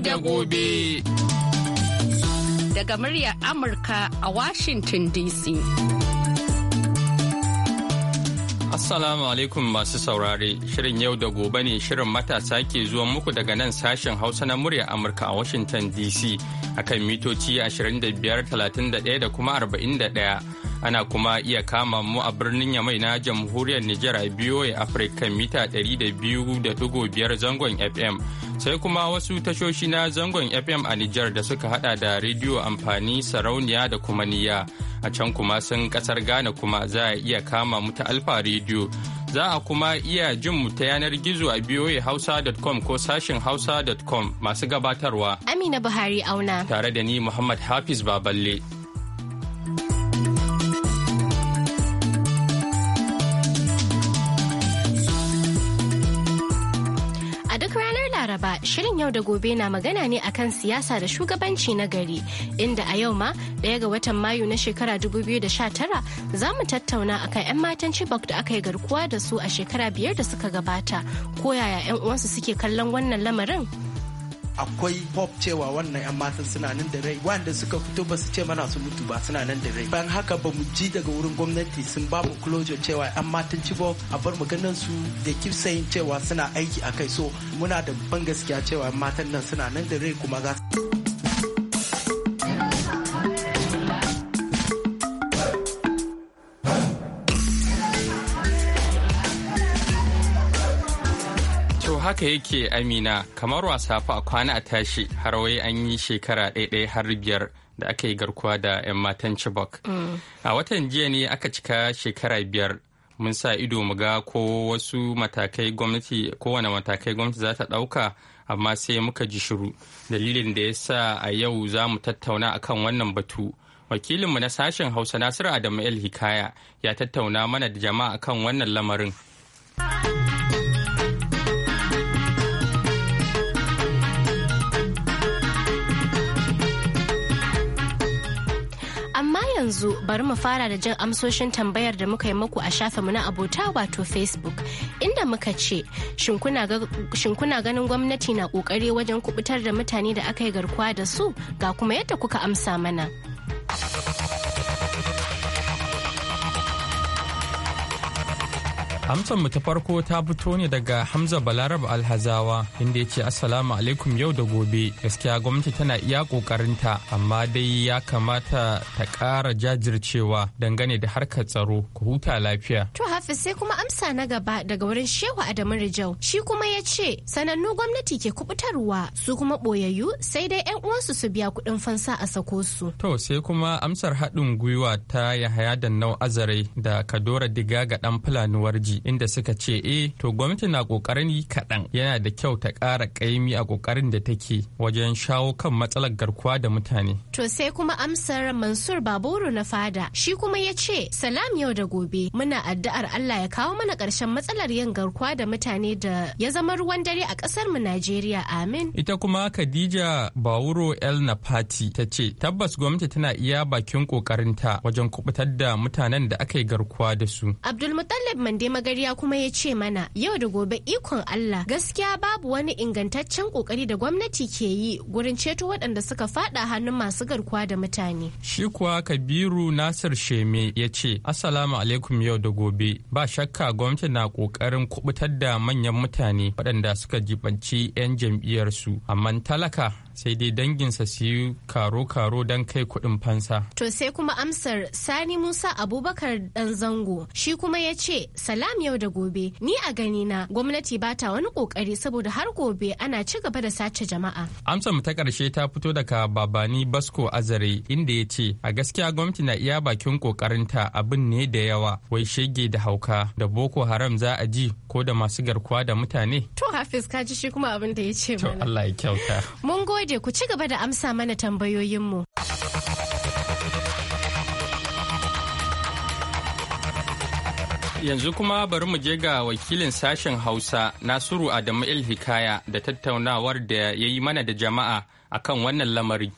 da gobe. Daga muryar Amurka a Washington DC. Assalamu alaikum masu saurare, shirin yau da gobe ne shirin matasa ke zuwa muku daga nan sashen Hausa na muryar Amurka a Washington DC akan mitoci 25,31 da kuma 41. Ana kuma iya kama mu a birnin Yamai na jamhuriyar Nijar a biyoyi Afirka mita 200.5 zangon FM. sai kuma wasu tashoshi na zangon fm a Nijar da suka hada da rediyo amfani sarauniya da kuma niya a can kuma sun kasar ghana kuma za a iya kama mu ta alfa rediyo za a kuma iya jin mu ta yanar gizo a biyoyi hausa.com ko sashin hausa.com masu gabatarwa amina buhari auna tare da ni muhammad hafiz baballe Shirin yau da gobe na magana ne akan siyasa da shugabanci na gari, inda a yau ma ɗaya ga watan Mayu na shekara 2019 za mu tattauna akan 'yan matan Chibok da aka yi garkuwa da su a shekara biyar da suka gabata, ko yaya 'yan uwansu suke kallon wannan lamarin. akwai pop cewa wannan 'yan matan suna nan da rai wanda suka fito ba su ce mana su mutu ba suna nan da rai Ban haka ba mu ji daga wurin gwamnati sun ba mu closure cewa 'yan matan cibo a bar maganar su da keep saying cewa suna aiki a kai so muna da ban gaskiya cewa matan nan suna nan da rai kuma za su haka yake amina kamar wasa fa a kwana a tashi har wai an yi shekara ɗaiɗai har biyar da aka yi garkuwa da 'yan matan chibok a watan jiya ne aka cika shekara biyar mun sa ido mu ga ko wasu matakai gwamnati kowane matakai gwamnati za ta ɗauka amma sai muka ji shiru dalilin da ya sa a yau za mu tattauna akan wannan batu wakilinmu na sashen hausa nasiru adamu el hikaya ya tattauna mana da jama'a akan wannan lamarin. yanzu bari mu fara da jin amsoshin tambayar da muka yi muku a shafinmu na abota wato Facebook inda muka ce shin kuna ganin gwamnati na kokari wajen kubutar da mutane da aka yi garkuwa da su ga kuma yadda kuka amsa mana. Amsar mu ta farko ta fito ne daga Hamza Balarab Alhazawa inda ya ce Assalamu alaikum yau da gobe gaskiya gwamnati tana iya kokarinta amma dai ya kamata ta ƙara jajircewa dangane da harkar tsaro ku huta lafiya. To Hafiz sai kuma amsa na gaba daga wurin Shehu Adamu Rijau shi kuma ya ce sanannu gwamnati ke kubutarwa su kuma ɓoyayyu sai dai 'yan uwansu su biya kuɗin fansa a sako su. To sai kuma amsar haɗin gwiwa ta Yahaya Dannau Azare da Kadora Diga ga ɗan Fulani Warji. inda suka ce e, to gwamnati na kokarin yi kaɗan yana da kyau ta ƙara ƙaimi a kokarin da take wajen shawo kan matsalar garkuwa da mutane. To sai kuma amsar Mansur Baburu na fada shi kuma ya ce salam yau da gobe muna addu'ar Allah ya kawo mana ƙarshen matsalar yin garkuwa da mutane da ya zama ruwan dare a ƙasar mu Najeriya amin. Ita kuma Khadija Bawuro El Party ta ce tabbas gwamnati tana iya bakin ta wajen kubutar da mutanen da aka yi garkuwa da su. Abdulmutallab Mande ya kuma ya ce mana yau da gobe ikon Allah gaskiya babu wani ingantaccen kokari da gwamnati ke yi gurin ceto waɗanda suka fada hannun masu garkuwa da mutane. Shi kuwa Kabiru Nasir Sheme ya ce Assalamu alaikum yau da gobe ba shakka gwamnati na kokarin kubutar da manyan mutane waɗanda suka jibanci 'yan jam'iyyarsu amma talaka sai dai danginsa su yi karo-karo don kai kuɗin fansa. To sai kuma amsar Sani Musa Abubakar dan zango shi kuma ya ce salam yau da gobe ni a gani na gwamnati ba ta wani kokari saboda har gobe ana ci gaba da sace jama'a. Amsar mu ta karshe ta fito daga Babani Basko Azare inda ya ce a gaskiya gwamnati na iya bakin kokarinta abin ne da yawa wai shege da hauka da Boko Haram za a ji ko da masu garkuwa da mutane. To Hafiz ka ji shi kuma abin da ya ce mana. To Allah ya kyauta. Mun gode gode ku ci gaba da amsa mana tambayoyinmu. Yanzu kuma bari mu je ga wakilin sashen Hausa Nasiru Adamu El Hikaya da tattaunawar da ya yi mana da jama'a akan wannan lamari.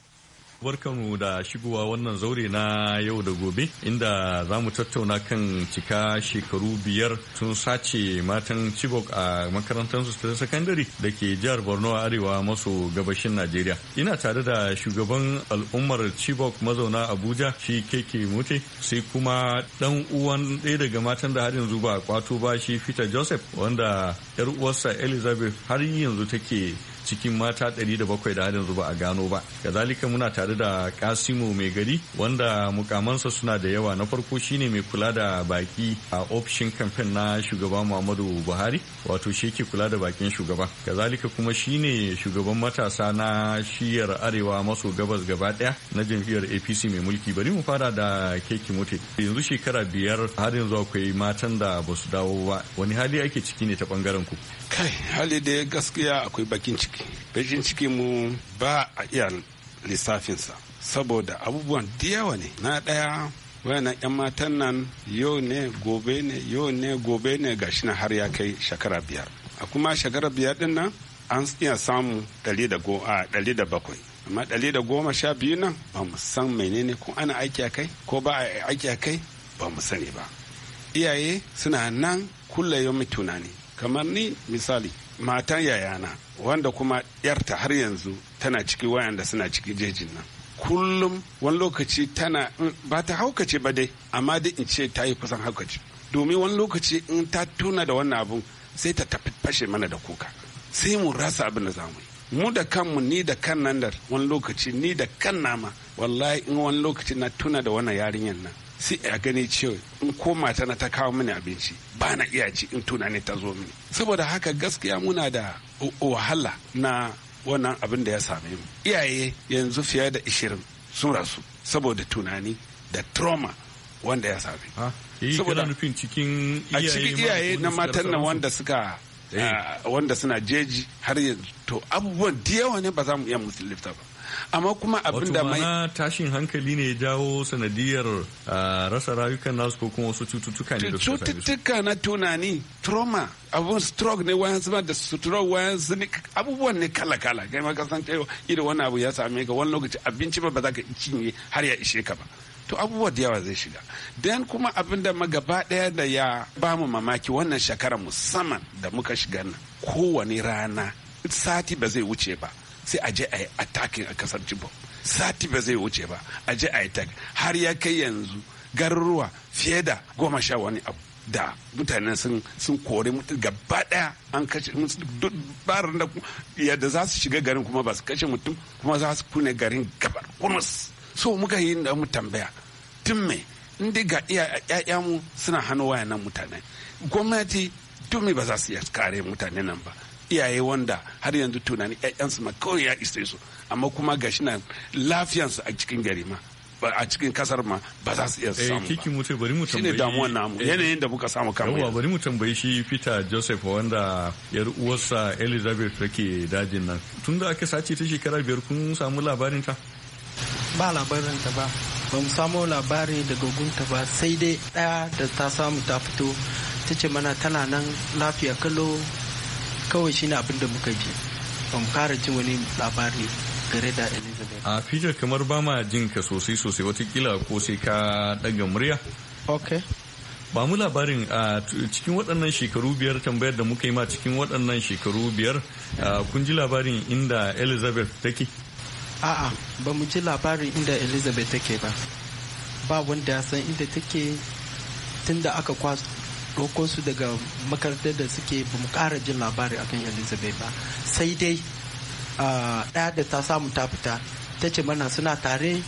Barkanmu da shigowa wannan zaure na yau da gobe inda za mu tattauna kan cika shekaru biyar tun sace matan Chibok a makarantar su ta sakandare da ke jihar Borno a arewa maso gabashin Najeriya. Ina tare da shugaban al'ummar Chibok mazauna Abuja shi keke mute sai kuma dan uwan ɗaya daga matan da har yanzu ba kwato ba shi Peter Joseph wanda yar uwarsa Elizabeth har yanzu take cikin mata 700 da yanzu ba a gano ba kazalika muna tare da kasimu mai gari wanda mukamansa suna da yawa na farko shine mai kula da baki a ofishin kamfen na shugaba muhammadu buhari wato sheke kula da bakin shugaba kazalika kuma shine shugaban matasa na shiyar arewa maso gabas gaba daya na jam'iyyar apc mai mulki bari mu fara da keke mote yanzu shekara biyar har yanzu akwai matan da basu dawo ba wani hali ake ciki ne ta bangaren ku kai hali da gaskiya akwai bakin ciki bakin cikin mu ba a iya lissafinsa saboda abubuwan diyawa ne na ɗaya wayannan 'yan matan nan yau ne gobe ne yau ne gobe ne shi na har ya kai shekara biyar a kuma shekara biyar din nan an iya samu ɗari da bakwai amma ɗari da goma sha biyu nan ba mu san menene ko ana aiki a kai ko ba a aiki a kai ba mu sani ba iyaye suna nan kulla yomi tunani kamar ni misali matan yayana wanda kuma yarta har yanzu tana ciki wayanda suna ciki jejin nan kullum wani lokaci tana mm, ba ta haukace ba dai amma dai in ce ta yi kusan haukace domin wani lokaci in ta tuna da wannan abun sai ta tafi fashe mana da kuka sai mu rasa abin da zamu yi mu da kanmu ni da kan nan da wani lokaci ni da kan nama wallahi in wani lokaci na tuna da wannan yarinyar nan sai a gane cewa in ko mata na ta kawo mini abinci ba na iya ci in tunani ta zo mini saboda haka gaskiya muna da wahala na wannan abin da ya same mu iyaye yanzu fiye da ishirin sun rasu saboda tunani da trauma wanda ya same saboda nufin cikin a cikin iyaye na matan nan wanda suka eh. ah, wanda suna jeji har yanzu to abubuwan da yawa ne ba za mu iya musulunta ba amma kuma abin da mai tashin hankali ne jawo sanadiyar ah, rasa rayukan nasu ko kuma wasu cututtuka ne da cututtuka na tunani trauma abun stroke ne wayan zuba da stroke wayan zini abubuwan ne kala kala kai ma kasan cewa irin wani abu ya same ka wani lokaci abinci ba ba za ka cinye har ya ishe ka ba to abubuwa da yawa zai shiga dan kuma abin da magaba daya da ya ba mu mamaki wannan shekara musamman da muka shiga nan kowane rana sati ba zai wuce ba sai a je a yi attacking a kasar Chibok sati ba zai wuce ba a je a yi attacking har ya kai yanzu garuruwa fiye da goma sha wani abu da mutanen sun sun kore gaba daya an kashe duk barin da yadda za su shiga garin kuma ba su kashe mutum kuma za su kune garin gabar kunus so muka yi da mu tambaya tun me inda ga iya mu suna hannu wayannan mutane gwamnati tun me ba za su iya kare mutane nan ba iyaye wanda har yanzu tunanin ƴaƴansu ma kawai ya iste su amma kuma gashi na lafiyansu a cikin gari ma a cikin kasar ma ba za su iya eh, samu ba. Kiki mutu bari mu tambayi. ne damuwan namu eh, yanayin da muka samu kamar yanzu. bari mu tambayi shi Peter Joseph wanda yar uwarsa Elizabeth take dajin nan. Tun da aka sace ta shekara biyar kun samu labarin ta? Ba labarin ta ba. Ba mu samu labari daga gunta ba sai dai ɗaya da ta samu ta fito ta ce mana tana nan lafiya kalo kawai shine abin da muka ji ban fara jin wani labari gare da elizabeth a fijar kamar ba ma jin ka sosai sosai watakila ko sai ka daga murya ok ba mu labarin a cikin waɗannan shekaru biyar tambayar da muka yi ma cikin waɗannan shekaru biyar kun ji labarin inda elizabeth take a'a ba mu ji labarin inda elizabeth take ba ba wanda ya san inda take tunda aka kwaso doko su daga makarantar da suke ba mu kara jin labari akan elizabeth ba sai dai ɗaya da ta samu ta fita ta ce mana suna tare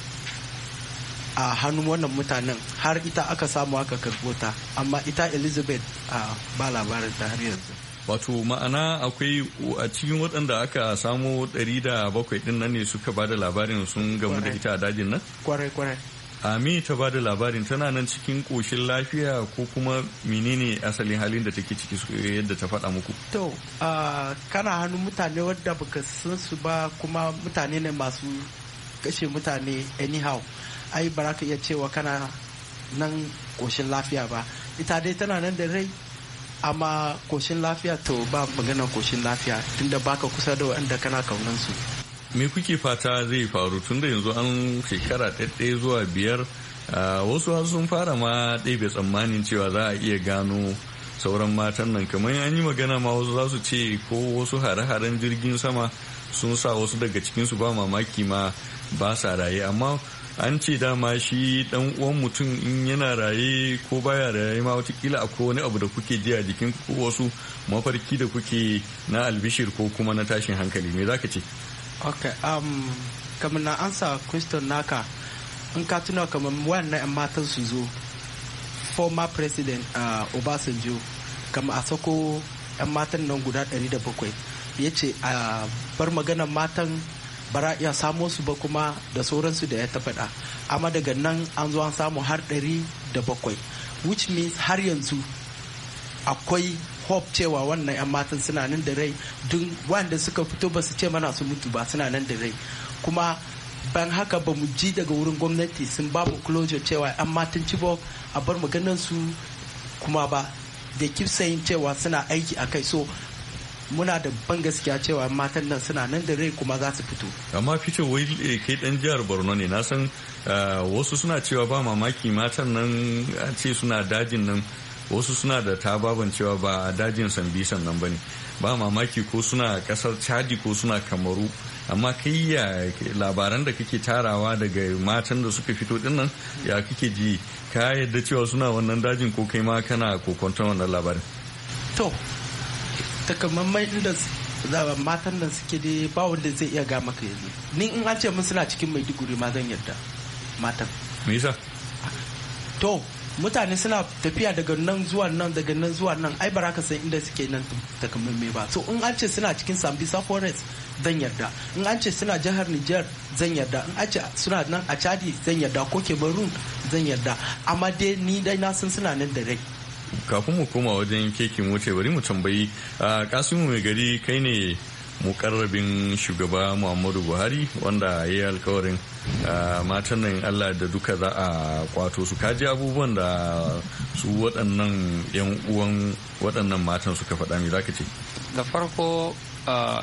a hannun wannan mutanen har ita aka samu aka karbo ta amma ita elizabeth ba labarin ta har yanzu wato ma'ana akwai a cikin waɗanda aka samo bakwai ɗin nan ne suka ba da labarin sun gamu da ita a dajin nan kwarai kwarai ami ta ba da labarin tana nan cikin koshin lafiya ko kuma menene asalin halin da take ciki yadda ta faɗa muku to kana hannun mutane wadda baka san su ba kuma mutane ne masu kashe mutane anyhow ai ba ka iya cewa kana nan koshin lafiya ba ita dai tana nan da rai amma koshin lafiya to ba maganar koshin lafiya tunda baka kusa da waɗanda kana kaunan su me kuke fata zai faru tun da yanzu an shekara ɗaya zuwa biyar wasu har sun fara ma ɗebe tsammanin cewa za a iya gano sauran matan nan kamar an yi magana ma wasu za su ce ko wasu hare-haren jirgin sama sun sa wasu daga cikinsu ba mamaki ma ba sa raye amma an ce dama shi dan uwan mutum in yana raye ko baya raye ma watakila akwai wani abu da kuke ji a jikin ko wasu mafarki da kuke na albishir ko kuma na tashin hankali me za ka ce ok um, kamar na ansa question naka in ka tuna kamar wannan 'yan matan su former president uh, obasanjo kama a sako 'yan matan nan guda 700 ya ce a bar maganar matan bara ya samo su ba kuma da sauransu da ya ta faɗa amma daga nan an zo an samu har bakwai which means har yanzu akwai hope cewa wannan 'yan matan suna nan da rai duk wanda suka fito ba su ce mana su mutu ba suna nan da rai kuma ban haka ba mu ji daga wurin gwamnati sun ba mu closure cewa 'yan matan cibo a bar mu ganin su kuma ba da keep saying cewa suna aiki a kai so muna da ban gaskiya cewa matan nan suna nan da rai kuma za su fito. amma fito wai eh, kai dan jihar borno ne na san eh, wasu suna cewa ba mamaki matan nan a ce suna dajin nan wasu suna da ta baban cewa ba a dajin sambisan nan ba ne ba mamaki ko suna kasar chadi ko suna kamaru amma kai ya labaran da kake tarawa daga matan da suka fito dinnan ya kake ji ka yadda cewa suna wannan dajin ko kai ma kana kokonton wannan labarin to takamammai inda matan nan suke dai ba wanda zai iya ga maka yanzu ni in an ce mun suna cikin maiduguri ma zan yarda matan me yasa to mutane suna tafiya daga nan zuwa nan daga nan zuwa nan ai baraka san inda suke nan takamaimai ba so in an ce suna cikin sambisa forest zan yarda in an ce suna jihar niger zan yarda in an ce suna nan a chadi zan yarda ko cameroon zan yarda amma dai ni dai na san suna nan da rai kafin mu koma wajen keke wuce bari mu tambayi ah, kasimu mai gari kai ne mukarrabin shugaba muhammadu buhari wanda ya yi alkawarin matan nan allah da duka za a kwato su kaji abubuwan da su waɗannan yan uwan waɗannan matan suka faɗa mai zaka ce da farko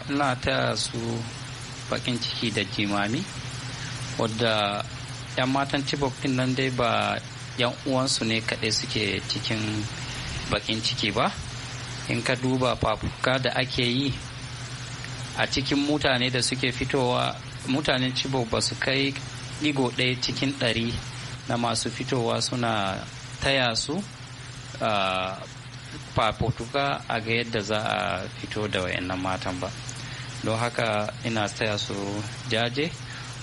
ina taya su bakin ciki da jimami wadda yan matan cibok din nan dai ba yan uwansu ne kaɗai suke cikin bakin ciki ba in ka duba fafuka da ake yi a cikin mutane da suke fitowa mutanen Chibok ba su kai digo ɗaya cikin ɗari na masu fitowa suna taya su fafotuka a ga yadda za a fito da wayannan matan ba don haka ina taya su jaje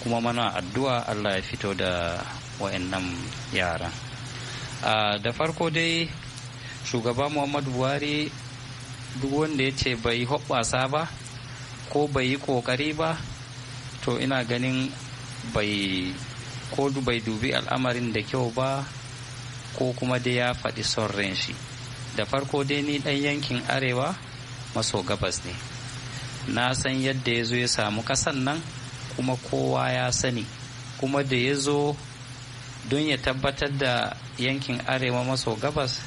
kuma mana addu'a allah ya fito da wayannan yaran da farko dai shugaba muhammadu buhari duk wanda ya ce bai hoɓɓasa ba ko bai yi ƙoƙari ba to ina ganin bai ko bai dubi al'amarin da kyau ba ko kuma dai ya faɗi son ran shi da farko dai ni ɗan yankin arewa maso gabas ne na san yadda ya zo ya samu kasan nan kuma kowa ya sani kuma da ya zo don ya tabbatar da yankin arewa maso gabas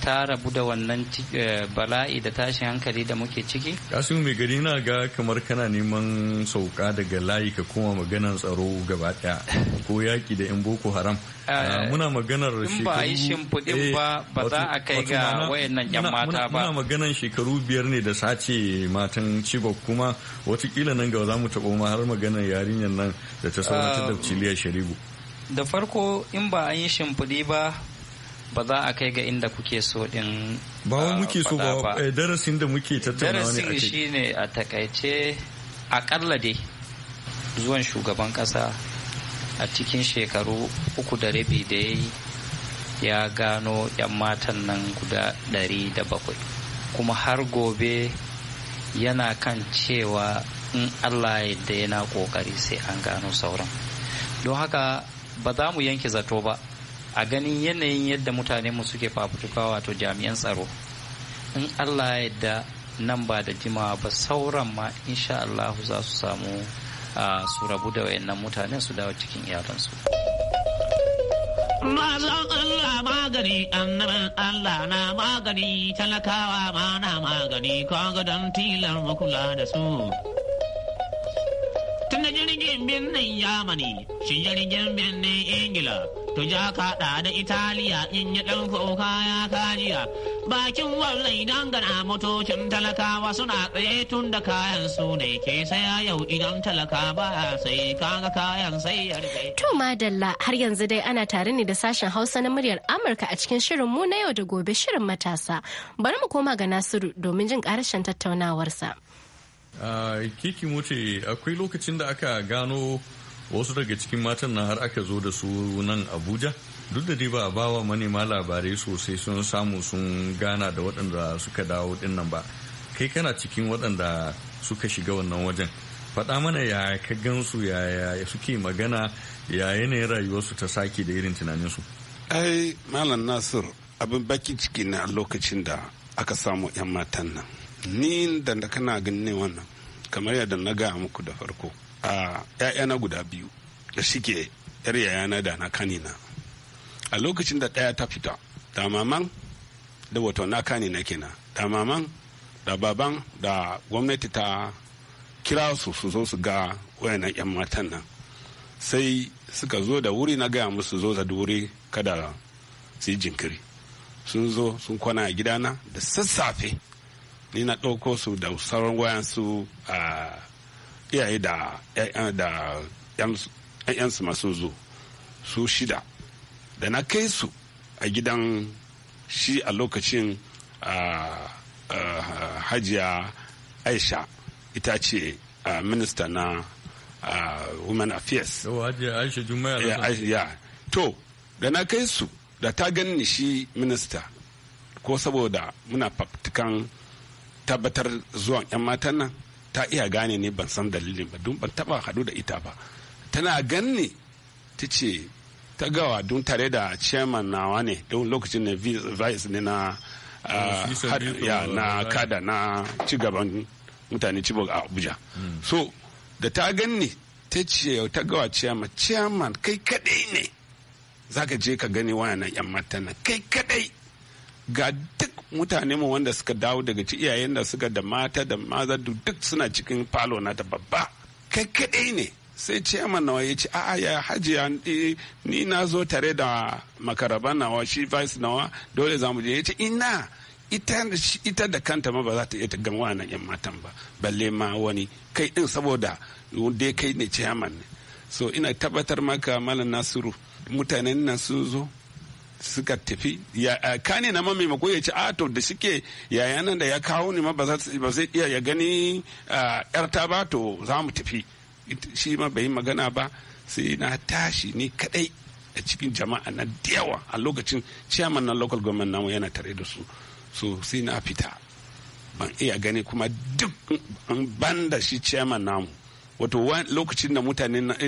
ta rabu da wannan eh, bala'i da tashin hankali da muke ciki kasu mai gari na ga kamar kana neman sauka daga layi ka koma maganar tsaro gaba daya ko yaki da yan boko haram eh, ah, muna maganar shekaru ba a yi shimfiɗin ba ba za a kai ga wayannan yan mata ba muna maganar shekaru biyar ne da sace matan cibok kuma watakila nan ga za mu taɓa ma har maganar yarinyar nan da ta sauran ta da ah, sharibu da farko in ba a yi shimfiɗi ba ba za a kai ga inda kuke so din ba wa ah, muke so ba eh, darasin da muke tattauna wani darasin ne a takaice akalla dai zuwan shugaban kasa a cikin shekaru uku da rabi da ya yi ya gano 'yan matan nan guda ɗari da bakwai kuma har gobe yana kan cewa in allah yadda yana ƙoƙari sai an gano sauran don haka ba za mu yanke zato ba a ganin yanayin yadda mutane mu suke fafutuka wato jami'an tsaro in allah ya yadda nan ba da jimawa ba sauran ma insha allahu za su samu su rabu da wayannan mutanen su dawo cikin iyalansu magani, annaban Allah na magani, talakawa ma na magani, kwa don tilar makula da su. da jirgin birnin Yamani, shi jirgin birnin Ingila, to ja kaɗa da Italiya in ya ɗan kuka ya kajiya. Bakin wannan idan gana motocin talakawa suna tsaye tun da kayan su ne ke saya yau idan talaka ba sai kaga kayan sai ya rufe. To madalla har yanzu dai ana tare ne da sashen Hausa na muryar Amurka a cikin shirin mu na yau da gobe shirin matasa. Bari mu koma ga Nasiru domin jin ƙarashin tattaunawarsa. kiki wuce akwai lokacin da aka gano wasu daga cikin matan na har aka zo da su nan abuja duk da dai ba a bawa manema labarai sosai sun samu sun gana da waɗanda suka dawo dinnan ba kai kana cikin waɗanda suka shiga wannan wajen faɗa mana ya ka gansu ya suke magana ya yanayin rayuwarsu ta sake da irin tunaninsu ai malam nasir abin bakin ciki na lokacin da aka samu 'yan matan nan ni da kana ganin wannan kamar yadda na gaya muku da farko a ‘ya'yana guda biyu da suke ‘yar yayana da na kanina a lokacin da ɗaya ta fita da maman da wato na kanina kenan da maman da baban da gwamnati ta kira su su zo su ga wayannan 'yan matan nan sai suka zo da wuri na gaya musu zo da wuri kada su yi jinkiri sun zo sun kwana a gidana da sassafe ni na ɗauko su da sauran wayansu a iyaye da ‘yan'yansu masu zo su shida da na kai su a gidan shi a lokacin hajiya aisha ita ce minista na women affairs to da na kai su da ta ganni shi minista ko saboda muna faktikan tabbatar zuwan 'yan matan nan ta iya gane ne ban san dalilin ba don ban taba haɗu da ita ba tana ganni ta ce ta gawa don tare da chairman nawa ne don lokacin ne vice ne na na ah, kada na cigaban mutane cibok a abuja hmm. so da ta ganni ta ce ta gawa chairman chairman kai kadai ne zaka je ka gani wayannan 'yan matan kai kadai ga mutane mu wanda suka dawo daga ci iyayen da suka da mata da maza duk suna cikin falo na ta babba kai kadai ne sai ciyaman nawa ya ce a'a ya hajiya eh, ni na zo tare da makaraba nawa shi vice nawa dole za mu je ya ce ina ita da kanta ma ba za ta iya ta gan wannan yan matan ba balle ma wani kai din saboda dai kai ne ciyaman ne so ina tabbatar maka malam nasiru mutanen nan sun zo suka tafi kane na ma maimako ya ce a ah, to da suke yaya nan da ya kawo ni ma ba zai iya ya gani yarta ba to za mu tafi shi ma bai magana ba sai na tashi ni kadai a cikin jama'a na yawa a lokacin chairman na local government namu yana tare da su so sai na fita ban iya gani kuma duk ban da shi chairman namu wato lokacin da mutane na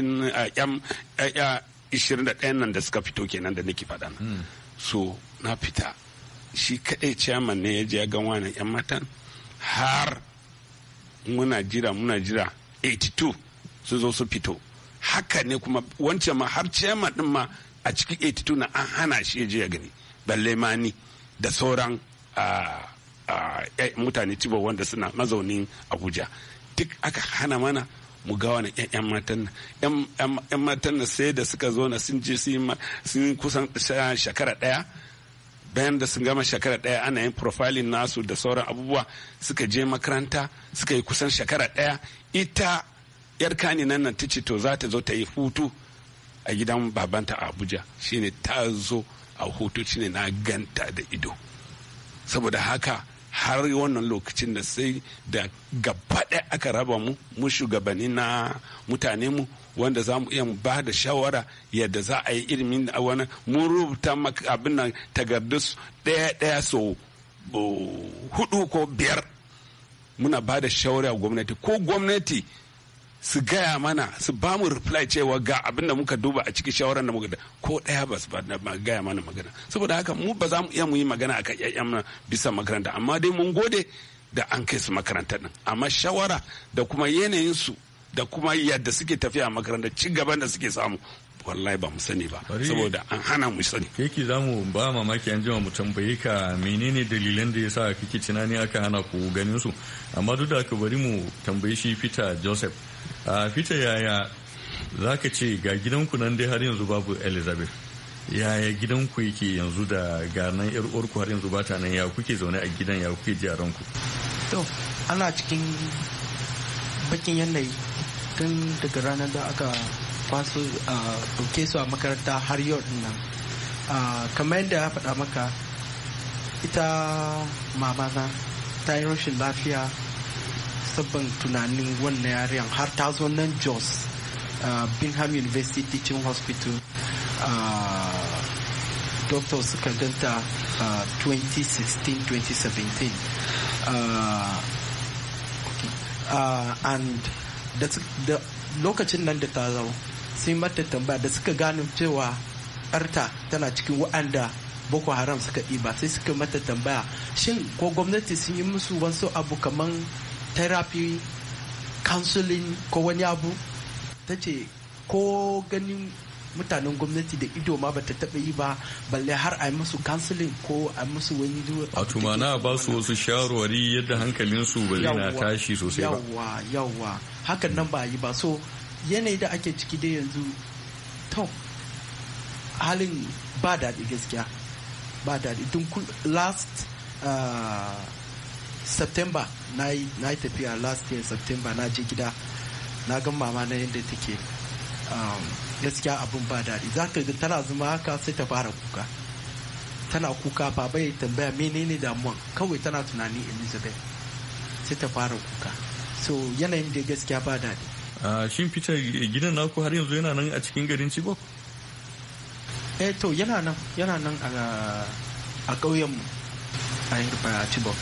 21 nan da suka fito kenan da nake faɗa hmm. so na fita shi kaɗai ciyaman ne ya je ga wani 'yan matan har muna jira muna jira 82 su zo su fito haka ne kuma wancan ma har ciyaman din ma a cikin 82 na an hana shi ya je ya gani balle ma ni da sauran eh, mutane tibo wanda suna mazaunin abuja duk aka hana mana mu ga wani yan matan nan yan matan nan sai da suka zo na sun je sun kusan shekara daya bayan da sun gama shakara ɗaya ana yin profiling nasu da sauran abubuwa suka je makaranta suka yi kusan shekara daya ita yar kani nan nan tici to za ta zo ta yi hutu a gidan babanta a abuja shine ta zo a hutu shine na ganta da ido saboda haka har wannan lokacin da sai da gabaɗaya aka raba mu mu shugabanni na mutane mu wanda za mu iya ba da shawara yadda za a yi ilimin wani mun rubuta maka abin nan tagardu ɗaya ɗaya so oh, hudu ko biyar muna ba da shawara gwamnati ko gwamnati su gaya mana su ba mu reply cewa ga abin da muka duba a cikin shawarar da muka da ko daya ba su gaya mana magana saboda haka mu ba za mu iya mu yi magana akan ƴaƴan bisa makaranta amma dai mun gode da an kai su makaranta din amma shawara da kuma yanayin su da kuma yadda suke tafiya a makaranta ci gaban da suke samu wallahi ba mu sani ba saboda an hana mu sani yake za mu ba mamaki an jima mu tambaye ka menene dalilan da ya sa kake tunani aka hana ku ganin su amma duk da ka bari mu tambaye shi fita Joseph a fita yaya za ka ce ga gidanku nan dai har yanzu babu Elizabeth yaya gidanku yake yanzu da ga nan yar uwarku har yanzu bata nan ya kuke zaune a gidan ya kuke ji a ranku to ana cikin bakin yanayi tun daga ranar da aka a ah, ɗauke su a makaranta har yau din nan ah, kamar yadda ya faɗa maka ita mamana ta yi rashin lafiya sabon tunanin wannan yaren har ta zo nan jos ah, bingham university teaching hospital doctor suka ganta 2016-2017 and lokacin nan da ta zau sun mata tambaya da suka gano cewa arta tana cikin wa'anda boko haram suka ɗiba sai suka mata tambaya shin ko gwamnati sun yi musu wasu abu kamar therapy counseling ko wani abu ta ce ko ganin mutanen gwamnati da ido ma bata taɓa yi ba balle har a yi musu counseling ko a musu wani a tumana ba su wasu shawarwari yadda hankalinsu ba na tashi sosai ba yawwa yawwa hakan nan ba yi ba so yanayi da ake ciki dai yanzu to halin ba daɗi gaskiya ba daɗi tun last uh, september na yi tafiya last year september na je gida na gan mama na yadda take gaskiya abin ba daɗi za ka tana zama haka sai ta fara kuka tana kuka ba bai tambaya menene damuwa kawai tana tunani elizabeth sai ta fara kuka so yanayin da gaskiya ba daɗi shin fita gidan naku har yanzu yana nan a cikin garin Chibok? Eh to yana nan yana nan a ƙauyen mu a Chibok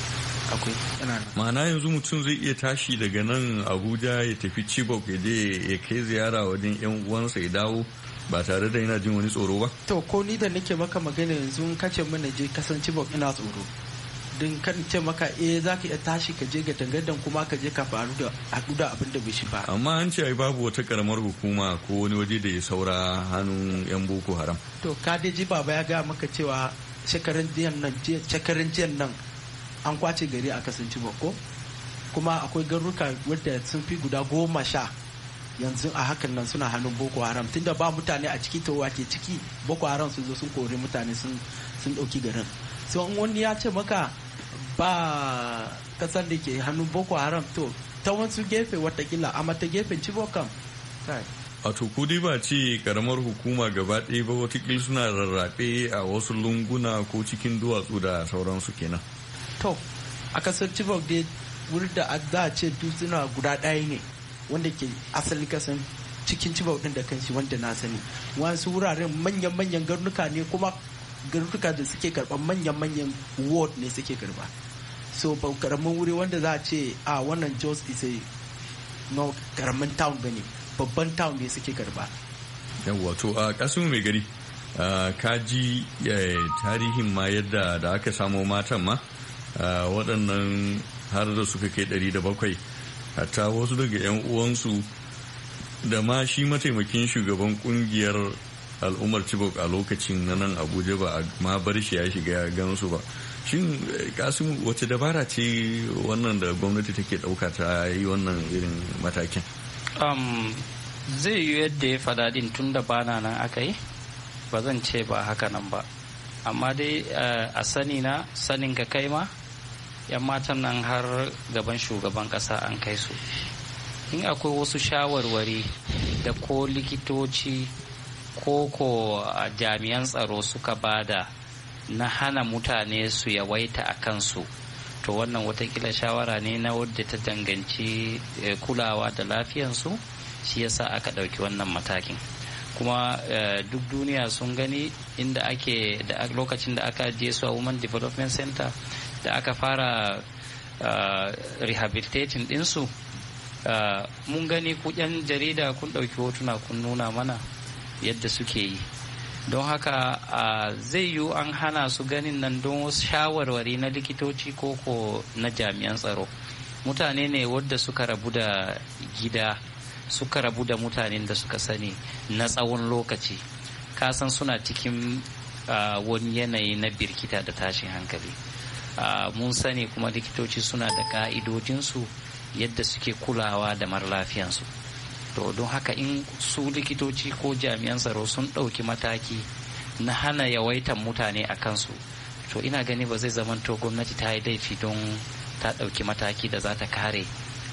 akwai yana nan. Ma'ana yanzu mutum zai iya tashi daga nan Abuja ya tafi Chibok ya je ya kai ziyara wajen yan uwansa ya dawo ba tare da yana jin wani tsoro ba. To ko ni da nake maka magana yanzu in kace mana je kasan Chibok ina tsoro. din kan ce maka eh za ka iya tashi ka je ga dangadan kuma ka je ka faru da haɗu da abin da bai shi ba. amma an ce ai babu wata karamar hukuma ko wani waje da ya saura hannun yan boko haram. to ka ji baba ya gaya maka cewa shekarun jiyan nan shekarun jiyan nan an kwace gari a kasance ba ko kuma akwai garuruka wadda sun fi guda goma sha yanzu a hakan nan suna hannun boko haram tunda ba mutane a ciki to ke ciki boko haram sun zo sun kori mutane sun ɗauki garin so wani ya ce maka ba kasar da ke hannu boko haram to ta wasu gefe watakila amma ta gefen cibokam a tukudi ba ce karamar hukuma gaba ɗaya ba watakila suna rarrafe a wasu lunguna ko cikin duwatsu da sauransu kenan to a kasar cibok dai wurin da za a ce dutsuna guda ɗaya ne wanda ke asalin kasan cikin cibok ɗin da kanshi wanda na sani wasu wuraren manyan-manyan garnuka ne kuma garuruka da suke karɓar manyan-manyan ward ne suke karɓa so ba karamin wuri wanda za a ce a wannan jos is a no karamin town gani babban town ne suke karɓa yawwa to a kasimu mai gari ka ji eh, tarihin ma yadda da aka samo matan ma waɗannan har da suka kai ɗari da bakwai hatta wasu daga 'yan uwansu da ma shi mataimakin shugaban kungiyar al'ummar cibok a lokacin na nan abuja ba a ma bar shi ya shiga ya su ba shin eh, kasim wace dabara ce wannan da gwamnati take ɗauka ta yi wannan irin matakin um, zai yi yadda ya fada din tun da bana nan aka yi ba zan ce ba haka nan ba amma dai eh, a sani na sanin ka kai ma yan matan nan har gaban shugaban kasa an kai su in akwai wasu shawarwari da ko likitoci koko jami'an tsaro suka bada na hana mutane su yawaita a kansu to wannan watakila shawara ne na wadda ta danganci eh, kulawa da lafiyansu shi yasa aka ɗauki wannan matakin kuma eh, duk duniya sun gani inda ake da lokacin da aka je su a women development center da aka fara eh, rehabilitating ɗinsu mun gani ku jarida kun ɗauki hotuna kun nuna mana yadda suke yi don haka zai yiwu an hana su ganin nan don wasu shawarwari na likitoci koko na jami'an tsaro mutane ne wadda suka rabu da gida suka rabu da mutanen da suka sani na tsawon lokaci kasan suna cikin wani yanayi na birkita da tashin hankali mun sani kuma likitoci suna da ka'idojinsu yadda suke kulawa da mara lafiyansu to don haka in su likitoci ko jami'an tsaro sun ɗauki mataki na hana yawaitan mutane a kansu to ina gani ba zai zama zamanto gwamnati ta yi laifi don ta ɗauki mataki da za ta kare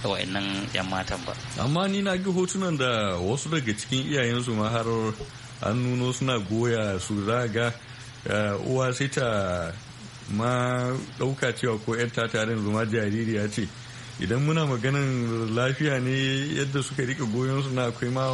wa'annan 'yan matan ba. Amma ni na ga hotunan da wasu daga cikin iyayensu ma har an nuno suna goya su za eh, uwa sai ta ma ɗauka cewa ko 'yan tatarin zuma jaririya ce idan muna maganan lafiya ne yadda suka rika goyon su na akwai ma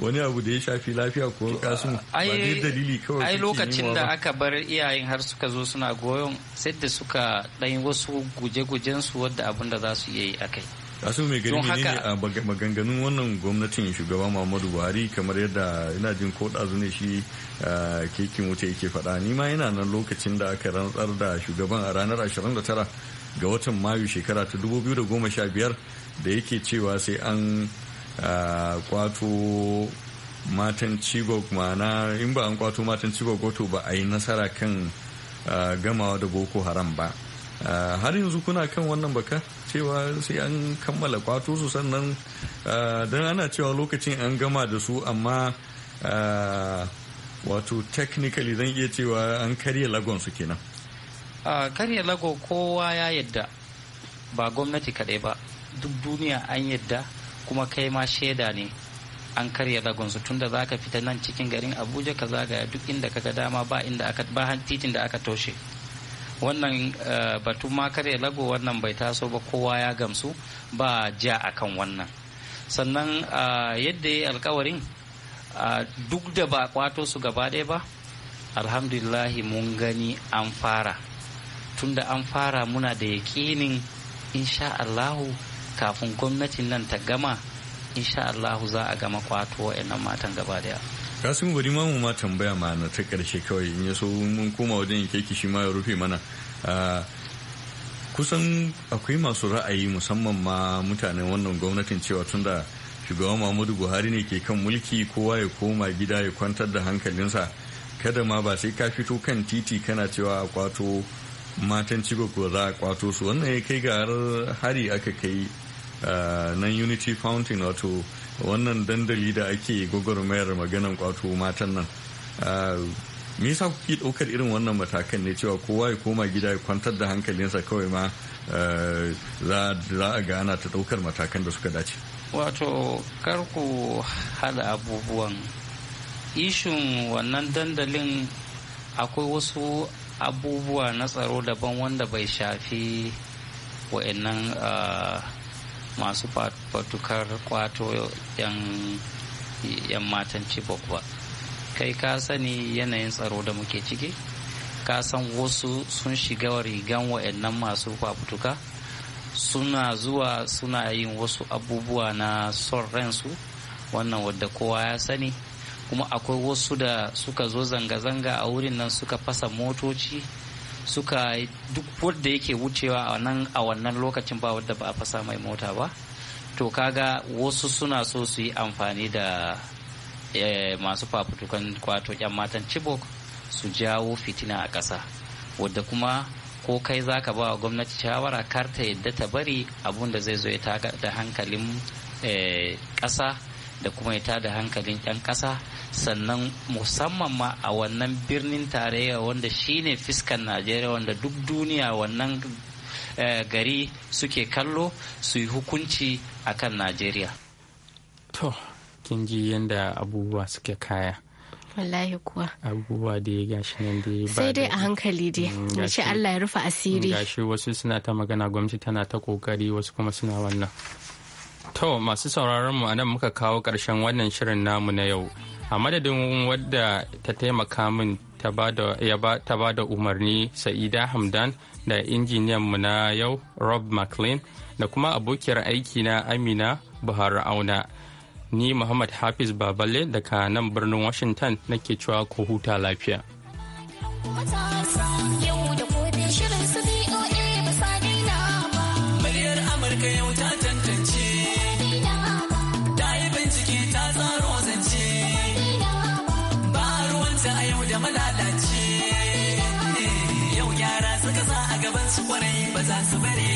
wani abu da ya shafi lafiya ko kasu ba dai dalili kawai ai lokacin da aka bar iyayen har suka zo suna goyon sai da suka ɗan wasu guje-gujen su wadda abin da za su iya yi akai kasu mai gari ne a maganganun wannan gwamnatin shugaba muhammadu buhari kamar yadda ina jin ko ɗazu ne shi kekin wuta yake faɗa ni ma yana nan lokacin da aka rantsar da shugaban a ranar 29 ga watan mayu shekara ta 2015 da yake cewa sai an kwato matan chibok ma'ana in ba an kwato matan chibok wato ba a yi nasara kan gamawa da boko haram ba har yanzu kuna kan wannan baka cewa sai an kammala kwato su sannan don ana cewa lokacin an gama da su amma wato technically zan iya cewa an karya lagon su kenan a karya lago kowa ya yadda ba gwamnati kaɗai ba duk duniya an yadda kuma kai ma shaida ne an karya lagonsu tunda za ka fita nan cikin garin abuja ka zagaya duk inda ka ga dama ba inda aka ba titin da aka toshe wannan eh, batu ma karya lago wannan bai taso ba kowa ya gamsu ba ja a kan wannan sannan eh, yadda ya yi alkawarin eh, duk da ba kwato su gaba ɗaya ba alhamdulillahi mun gani an fara tunda an fara muna da yaƙinin insha Allahu kafin gwamnatin nan ta gama insha Allahu za a gama kwato wa'annan matan gaba daya. Kasim bari ma mu ma tambaya ma na ta karshe kawai in ya so mun koma wajen yake ki shi ma ya rufe mana. Ah, kusan akwai masu ra'ayi musamman ma mutanen wannan gwamnatin cewa tunda shugaban Muhammadu Buhari ne ke kan mulki kowa ya koma gida ya kwantar da hankalinsa kada ma ba sai ka fito kan titi kana cewa a kwato matan cigo za a kwato su wannan ya kai ga hari aka kai nan unity fountain wato wannan dandali da ake gwagwarmayar maganan kwato matan nan me yasa kuke ɗaukar irin wannan matakan ne cewa kowa ya koma gida ya kwantar da hankalinsa kawai ma za a ga ta ɗaukar matakan da suka dace wato kar ku hada abubuwan ishin wannan dandalin akwai wasu abubuwa na tsaro daban wanda bai shafi wa'annan masu fatukar kwato 'yan matan chibok ba kai ka sani yanayin tsaro da muke ciki ka san wasu sun shiga rigan wa'annan masu fatuka suna zuwa suna yin wasu abubuwa na son ransu wannan wadda kowa ya sani kuma akwai wasu da suka zo zanga-zanga a wurin nan suka fasa motoci suka duk wadda yake wucewa a wannan lokacin ba wadda ba a fasa mai mota ba to kaga wasu suna so su yi amfani da eh, masu fafutukan kwato yan matan chibok su jawo fitina a ƙasa wadda kuma ko kai za ka ba gwamnati shawara kar ta yadda ta bari abun da zai zo ya da hankalin eh, ƙasa da kuma ya da hankalin 'yan ƙasa sannan musamman ma a wannan birnin tarayya wanda shine fiskan najeriya wanda duk duniya wannan eh, gari suke kallo su yi hukunci a kan najeriya to kin ji yadda abubuwa suke kaya wallahi kuwa abubuwa da ya gashi nan da ya sai dai a hankali dai ya mm, ce allah ya rufe asiri mm, gashi wasu suna ta magana gwamnati tana ta kokari wasu kuma suna wannan To masu sauraron mu anan muka kawo ƙarshen wannan shirin namu na yau a madadin wadda ta taimaka min ta ba da umarni sa'ida hamdan da injiniyan mu na yau rob mclean da kuma abokiyar aiki na amina buhari auna ni muhammad hafiz babale daga nan birnin washington nake cewa ku huta lafiya. kwarai ba za su bari